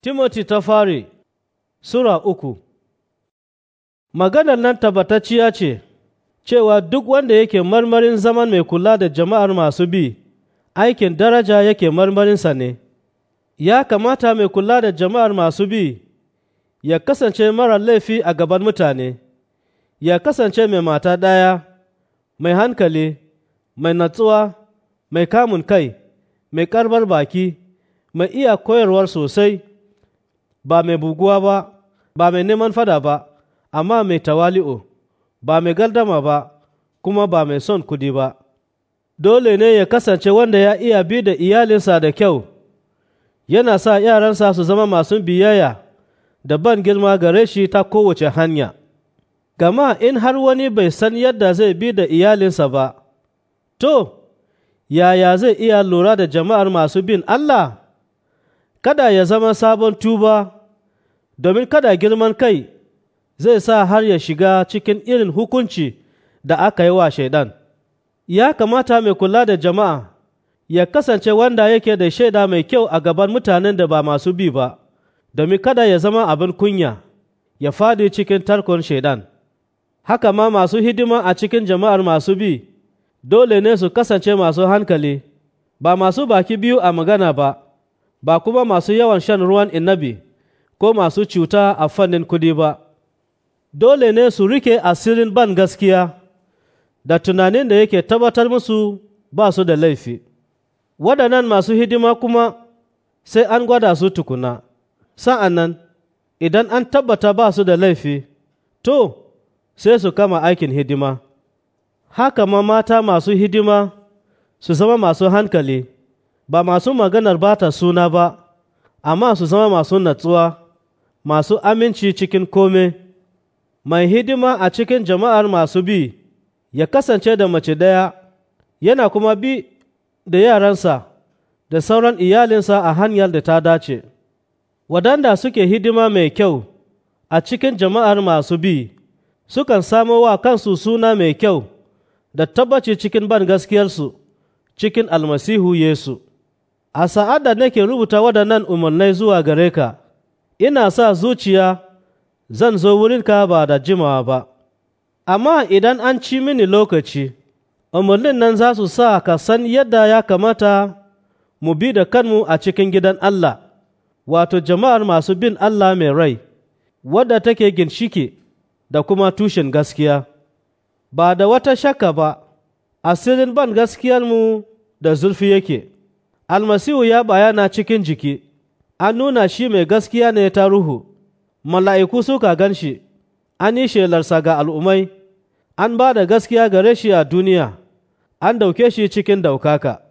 Timoti ta fari Sura uku Maganar nan tabbatacciya ce, cewa duk wanda yake marmarin zaman mai kula da jama'ar masu bi, aikin daraja yake marmarinsa ne, ya kamata mai kula da jama'ar masu bi ya kasance mara laifi a gaban mutane, ya kasance mai mata ɗaya, mai hankali, mai natsuwa, mai kamun kai, mai karbar baki, mai iya koyarwar sosai. ba mai buguwa ba ba mai neman fada ba amma mai tawali'u ba mai gardama ba kuma ba mai son kudi ba dole ne ya kasance wanda ya iya bi da iyalinsa da kyau yana sa yaransa su zama masu biyayya da ban girma gare shi ta kowace hanya gama in har wani bai san yadda zai bi da iyalinsa ba to yaya zai iya lura da jama'ar masu bin Allah kada ya zama sabon tuba domin kada girman kai zai sa har ya shiga cikin irin hukunci da aka yi wa shaidan. Ya kamata mai kula da jama'a ya kasance wanda yake da shaida mai kyau a gaban mutanen da ba masu bi ba, domin kada ya zama abin kunya ya fadi cikin tarkon shaidan. Haka ma masu hidima a cikin jama'ar masu bi, dole ne su kasance masu hankali, ba masu baki biyu a magana ba, ba kuma masu yawan shan ruwan inabi. ko masu cuta a fannin kudi ba, dole ne su rike asirin ban gaskiya da tunanin da yake tabbatar musu ba su da laifi. Waɗannan masu hidima kuma sai an gwada su tukuna, sa'an nan idan an tabbata ba su da laifi, to, sai su kama aikin hidima. Haka ma mata masu hidima su zama masu hankali, ba masu maganar bata suna ba, amma su zama masu natsuwa. masu aminci cikin kome, mai hidima a cikin jama'ar masu bi, ya kasance da mace ɗaya, yana kuma bi da yaransa da sauran iyalinsa a hanyar da ta dace. wadanda suke hidima mai kyau a cikin jama'ar masu bi, sukan samo wa kansu suna mai kyau da tabbaci cikin ban gaskiyarsu cikin almasihu Yesu. A sa'ad da nake rubuta waɗannan umarnai zuwa gare ka, ina sa zuciya zan zo wurinka ba da jimawa ba, amma idan an ci mini lokaci, umarnin nan za su sa ka san yadda ya kamata mu bi da kanmu a cikin gidan Allah, wato jama'ar masu bin Allah mai rai, wadda take ginshike da kuma tushen gaskiya, ba da wata shaka ba, asirin ban gaskiyar mu da zurfi yake, almasihu ya bayana cikin jiki. an nuna shi mai gaskiya ne ta ruhu, mala'iku suka gan shi, an yi shelarsa ga al'ummai, an ba da gaskiya gare shi a duniya, an ɗauke shi cikin daukaka.